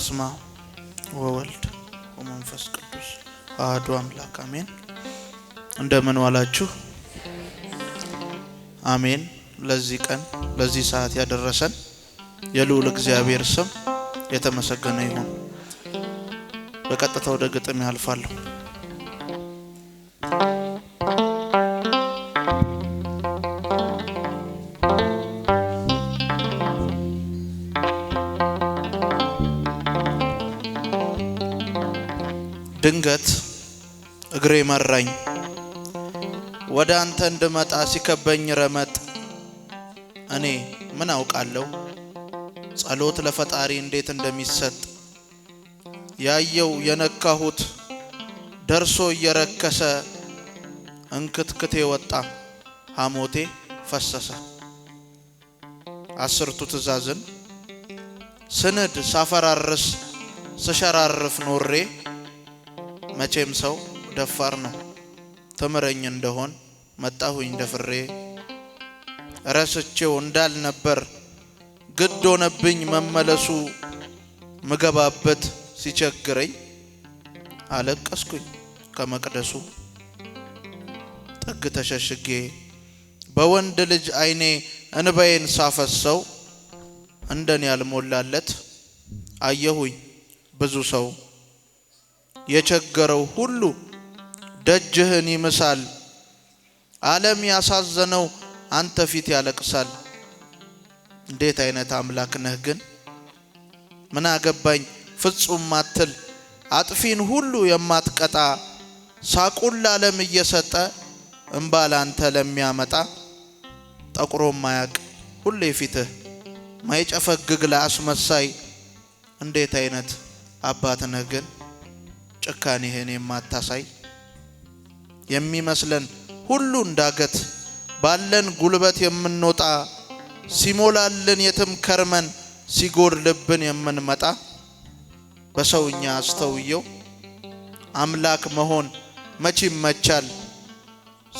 በስማ ወወልድ ወመንፈስ ቅዱስ አህዱ አምላክ አሜን። እንደምን ዋላችሁ? አሜን። ለዚህ ቀን ለዚህ ሰዓት ያደረሰን የልዑል እግዚአብሔር ስም የተመሰገነ ይሁን። በቀጥታ ወደ ግጥም ያልፋለሁ። ድንገት እግሬ መራኝ፣ ወደ አንተ እንድመጣ ሲከበኝ ረመጥ። እኔ ምን አውቃለሁ ጸሎት ለፈጣሪ እንዴት እንደሚሰጥ። ያየው የነካሁት ደርሶ እየረከሰ እንክትክቴ ወጣ፣ ሐሞቴ ፈሰሰ። አስርቱ ትእዛዝን ስንድ ሳፈራርስ ስሸራርፍ ኖሬ መቼም ሰው ደፋር ነው። ትምረኝ እንደሆን መጣሁኝ ደፍሬ ረስቼው እንዳልነበር ግድ ሆነብኝ መመለሱ ምገባበት ሲቸግረኝ አለቀስኩኝ ከመቅደሱ ጥግ ተሸሽጌ በወንድ ልጅ ዓይኔ እንባዬን ሳፈሰው እንደኔ ያልሞላለት አየሁኝ ብዙ ሰው የቸገረው ሁሉ ደጅህን ይምሳል። ዓለም ያሳዘነው አንተ ፊት ያለቅሳል። እንዴት አይነት አምላክ ነህ ግን! ምን አገባኝ ፍጹም ማትል አጥፊን ሁሉ የማትቀጣ ሳቁን ለዓለም እየሰጠ እምባ ላንተ ለሚያመጣ ጠቁሮ ማያቅ ሁሌ ፊትህ ማይጨፈግግ ለአስመሳይ እንዴት አይነት አባት ነህ ግን! ጭካኔህን የማታሳይ የሚመስለን ሁሉ እንዳገት ባለን ጉልበት የምንወጣ ሲሞላልን የትም ከርመን ሲጎድልብን የምንመጣ በሰውኛ አስተውየው አምላክ መሆን መች ይመቻል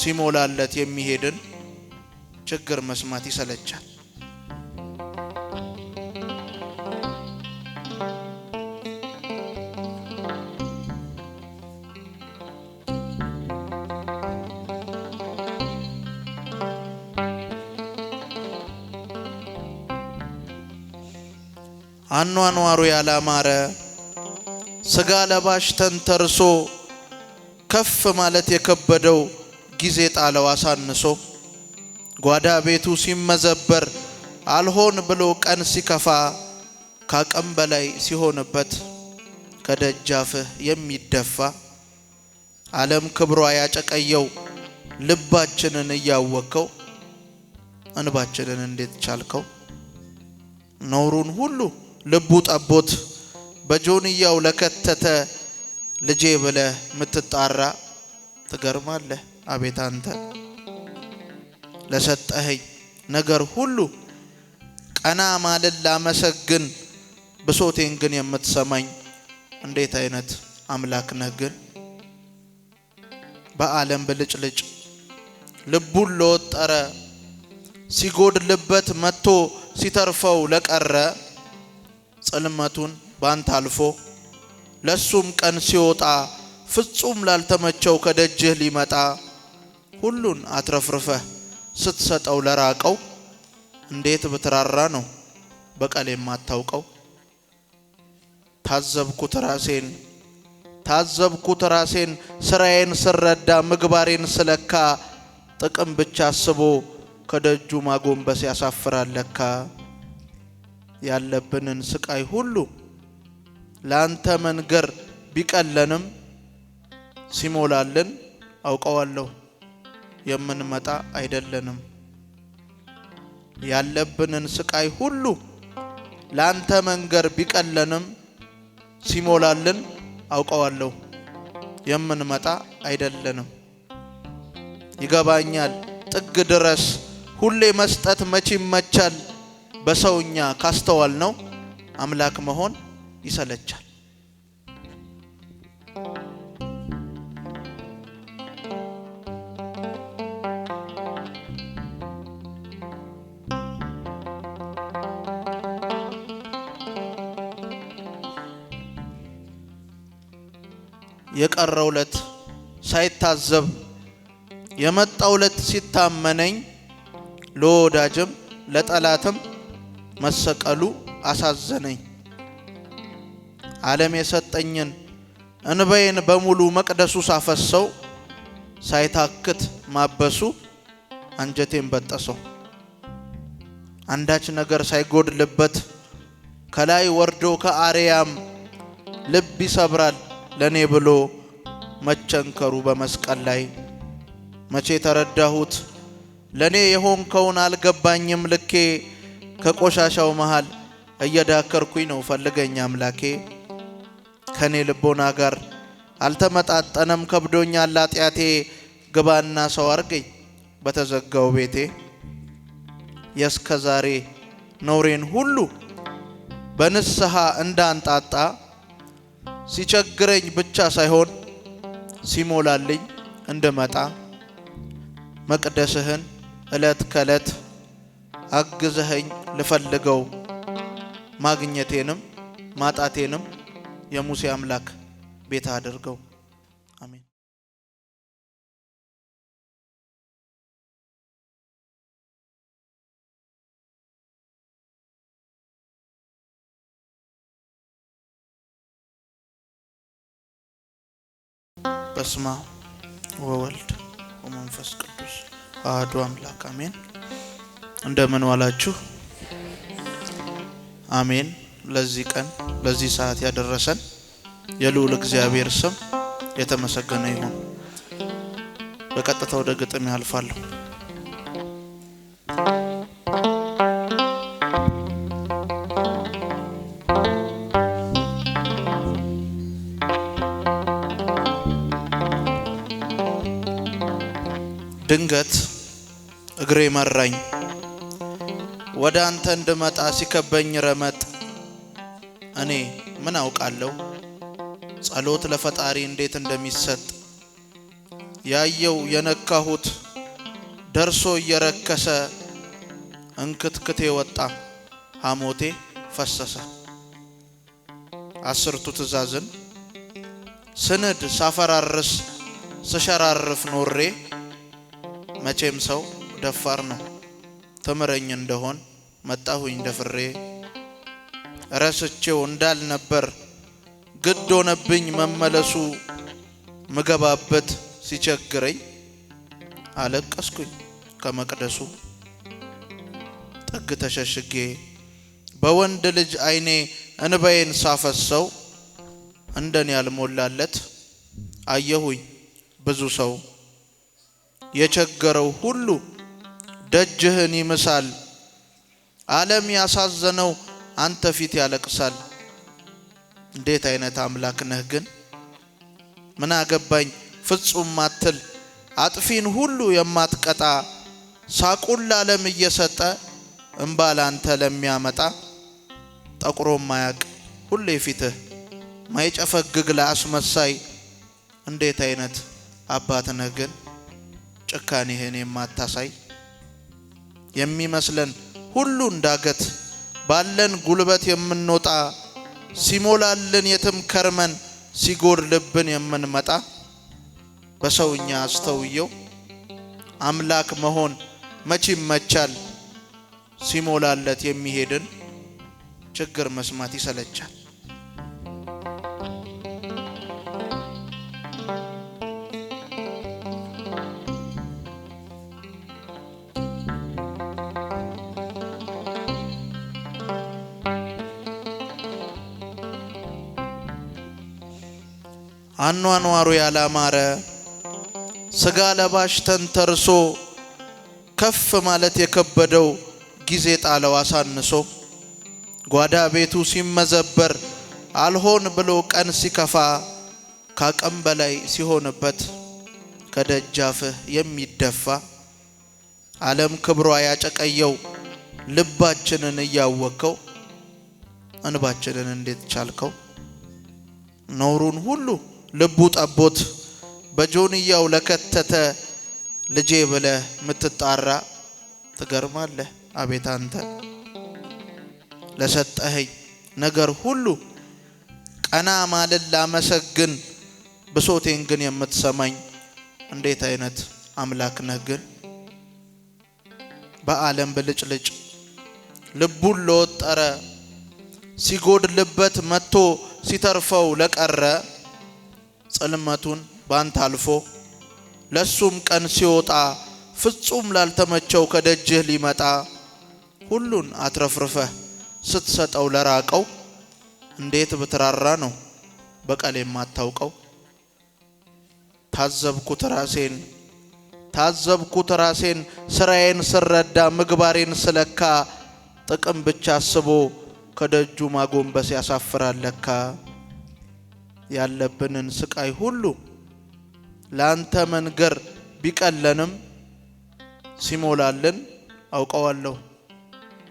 ሲሞላለት የሚሄድን ችግር መስማት ይሰለቻል። አኗኗሩ ያላማረ ስጋ ለባሽ ተንተርሶ ከፍ ማለት የከበደው ጊዜ ጣለው አሳንሶ ጓዳ ቤቱ ሲመዘበር አልሆን ብሎ ቀን ሲከፋ ካቅም በላይ ሲሆንበት ከደጃፍህ የሚደፋ ዓለም ክብሯ ያጨቀየው ልባችንን እያወከው እንባችንን እንዴት ቻልከው? ኖሩን ሁሉ ልቡ ጠቦት በጆንያው ለከተተ ልጄ ብለ የምትጣራ ትገርማለህ። አቤት አንተ ለሰጠኸኝ ነገር ሁሉ ቀና ማለት ላመሰግን ብሶቴን ግን የምትሰማኝ እንዴት አይነት አምላክ ነህ ግን በዓለም ብልጭልጭ ልቡን ለወጠረ ሲጎድልበት መጥቶ ሲተርፈው ለቀረ ጽልመቱን ባንተ አልፎ ለሱም ቀን ሲወጣ ፍጹም ላልተመቸው ከደጅህ ሊመጣ ሁሉን አትረፍርፈህ ስትሰጠው ለራቀው እንዴት ብትራራ ነው በቀል የማታውቀው። ታዘብኩት ራሴን ታዘብኩት ራሴን ስራዬን ስረዳ ምግባሬን ስለካ ጥቅም ብቻ አስቦ ከደጁ ማጎንበስ ያሳፍራል ለካ። ያለብንን ስቃይ ሁሉ ለአንተ መንገር ቢቀለንም ሲሞላልን አውቀዋለሁ የምንመጣ አይደለንም። ያለብንን ስቃይ ሁሉ ለአንተ መንገር ቢቀለንም ሲሞላልን አውቀዋለሁ የምንመጣ አይደለንም። ይገባኛል ጥግ ድረስ ሁሌ መስጠት መቼ ይመቻል በሰውኛ ካስተዋል ነው አምላክ መሆን ይሰለቻል። የቀረው ዕለት ሳይታዘብ የመጣው ዕለት ሲታመነኝ ለወዳጅም ለጠላትም መሰቀሉ አሳዘነኝ። ዓለም የሰጠኝን እንባዬን በሙሉ መቅደሱ ሳፈሰው ሳይታክት ማበሱ አንጀቴን በጠሰው። አንዳች ነገር ሳይጎድልበት ከላይ ወርዶ ከአርያም ልብ ይሰብራል ለእኔ ብሎ መቸንከሩ በመስቀል ላይ መቼ ተረዳሁት ለእኔ የሆንከውን አልገባኝም ልኬ ከቆሻሻው መሃል እየዳከርኩኝ ነው። ፈልገኝ አምላኬ፣ ከኔ ልቦና ጋር አልተመጣጠነም። ከብዶኛል ኃጢአቴ፣ ግባና ሰው አርገኝ በተዘጋው ቤቴ። የእስከ ዛሬ ኖሬን ሁሉ በንስሐ እንዳንጣጣ ሲቸግረኝ ብቻ ሳይሆን ሲሞላልኝ እንድመጣ መቅደስህን ዕለት ከዕለት አግዘኸኝ ልፈልገው ማግኘቴንም ማጣቴንም የሙሴ አምላክ ቤት አድርገው። አሜን። በስማ ወወልድ ወመንፈስ ቅዱስ አህዱ አምላክ አሜን። እንደምን ዋላችሁ? አሜን። ለዚህ ቀን ለዚህ ሰዓት ያደረሰን የልዑል እግዚአብሔር ስም የተመሰገነ ይሁን። በቀጥታ ወደ ግጥም ያልፋለሁ። ድንገት እግሬ መራኝ ወደ አንተ እንድመጣ ሲከበኝ ረመጥ እኔ ምን አውቃለሁ? ጸሎት ለፈጣሪ እንዴት እንደሚሰጥ ያየው የነካሁት ደርሶ እየረከሰ እንክትክቴ ወጣ ሐሞቴ ፈሰሰ። አስርቱ ትእዛዝን ስንድ ሳፈራርስ ስሸራርፍ ኖሬ መቼም ሰው ደፋር ነው። ትምረኝ እንደሆን መጣሁኝ ደፍሬ ረስቼው እንዳልነበር ግድ ሆነብኝ መመለሱ ምገባበት ሲቸግረኝ አለቀስኩኝ ከመቅደሱ ጥግ ተሸሽጌ በወንድ ልጅ ዓይኔ እንባዬን ሳፈሰው እንደኔ ያልሞላለት አየሁኝ ብዙ ሰው የቸገረው ሁሉ ደጅህን ይምሳል። ዓለም ያሳዘነው አንተ ፊት ያለቅሳል። እንዴት አይነት አምላክ ነህ ግን! ምን አገባኝ ፍጹም ማትል አጥፊን ሁሉ የማትቀጣ ሳቁን ለዓለም እየሰጠ እምባ ላንተ ለሚያመጣ ጠቁሮ ማያቅ ሁሌ ፊትህ ማይጨፈግግ ለአስመሳይ እንዴት አይነት አባት ነህ ግን ጭካኔህን የማታሳይ የሚመስለን ሁሉ እንዳገት ባለን ጉልበት የምንወጣ ሲሞላልን የትም ከርመን ሲጎድልብን የምንመጣ በሰውኛ አስተውየው አምላክ መሆን መቼ ይመቻል? ሲሞላለት የሚሄድን ችግር መስማት ይሰለቻል። አኗኗሩ ያላማረ ስጋ ለባሽ ተንተርሶ ከፍ ማለት የከበደው ጊዜ ጣለው አሳንሶ ጓዳ ቤቱ ሲመዘበር አልሆን ብሎ ቀን ሲከፋ ካቅም በላይ ሲሆንበት ከደጃፍህ የሚደፋ ዓለም ክብሯ ያጨቀየው ልባችንን እያወከው እንባችንን እንዴት ቻልከው? ኖሩን ሁሉ ልቡ ጠቦት በጆንያው ለከተተ ልጄ ብለ የምትጣራ ትገርማለህ። አቤት አንተ ለሰጠኸኝ ነገር ሁሉ ቀና ማለት ላመሰግን፣ ብሶቴን ግን የምትሰማኝ እንዴት አይነት አምላክ ነህ ግን በዓለም ብልጭልጭ ልቡን ለወጠረ ሲጎድልበት መጥቶ ሲተርፈው ለቀረ ጽልመቱን ባንተ አልፎ ለሱም ቀን ሲወጣ ፍጹም ላልተመቸው ከደጅህ ሊመጣ ሁሉን አትረፍርፈህ ስትሰጠው ለራቀው እንዴት ብትራራ ነው በቀል የማታውቀው። ታዘብኩት ራሴን ታዘብኩት ራሴን ስራዬን ስረዳ ምግባሬን ስለካ ጥቅም ብቻ አስቦ ከደጁ ማጎንበስ ያሳፍራል ለካ። ያለብንን ስቃይ ሁሉ ለአንተ መንገር ቢቀለንም ሲሞላልን አውቀዋለሁ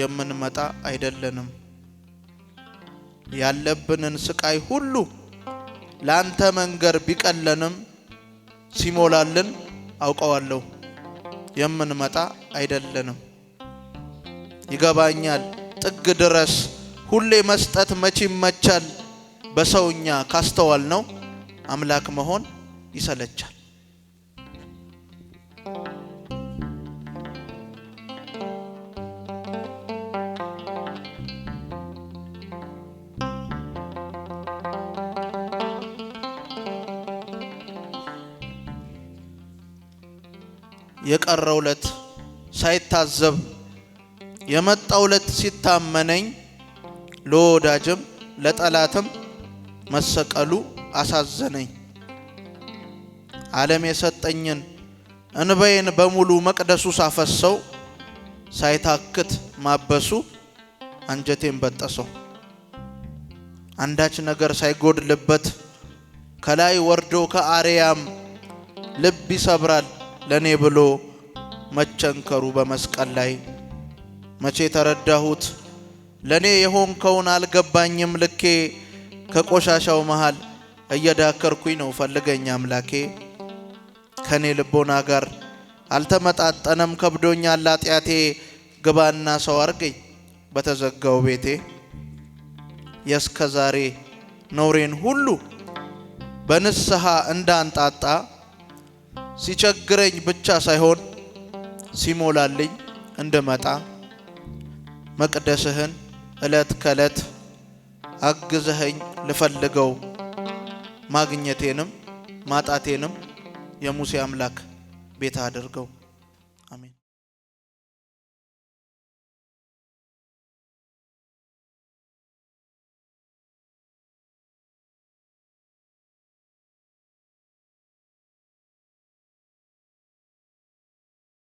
የምንመጣ አይደለንም። ያለብንን ስቃይ ሁሉ ለአንተ መንገር ቢቀለንም ሲሞላልን አውቀዋለሁ የምንመጣ አይደለንም። ይገባኛል ጥግ ድረስ ሁሌ መስጠት መቼ ይመቻል በሰውኛ ካስተዋል ነው አምላክ መሆን ይሰለቻል። የቀረው ዕለት ሳይታዘብ የመጣው ዕለት ሲታመነኝ ለወዳጅም ለጠላትም መሰቀሉ አሳዘነኝ። ዓለም የሰጠኝን እንባዬን በሙሉ መቅደሱ ሳፈሰው ሳይታክት ማበሱ አንጀቴን በጠሰው። አንዳች ነገር ሳይጎድልበት ከላይ ወርዶ ከአርያም ልብ ይሰብራል ለእኔ ብሎ መቸንከሩ በመስቀል ላይ መቼ ተረዳሁት ለእኔ የሆንከውን አልገባኝም ልኬ ከቆሻሻው መሃል እየዳከርኩኝ ነው። ፈልገኝ አምላኬ። ከኔ ልቦና ጋር አልተመጣጠነም። ከብዶኛል ኃጢአቴ። ግባና ሰው አርገኝ በተዘጋው ቤቴ። የእስከ ዛሬ ነውሬን ሁሉ በንስሐ እንዳንጣጣ ሲቸግረኝ ብቻ ሳይሆን ሲሞላልኝ እንድመጣ መቅደስህን ዕለት ከዕለት አግዘኸኝ ልፈልገው ማግኘቴንም ማጣቴንም የሙሴ አምላክ ቤት አድርገው።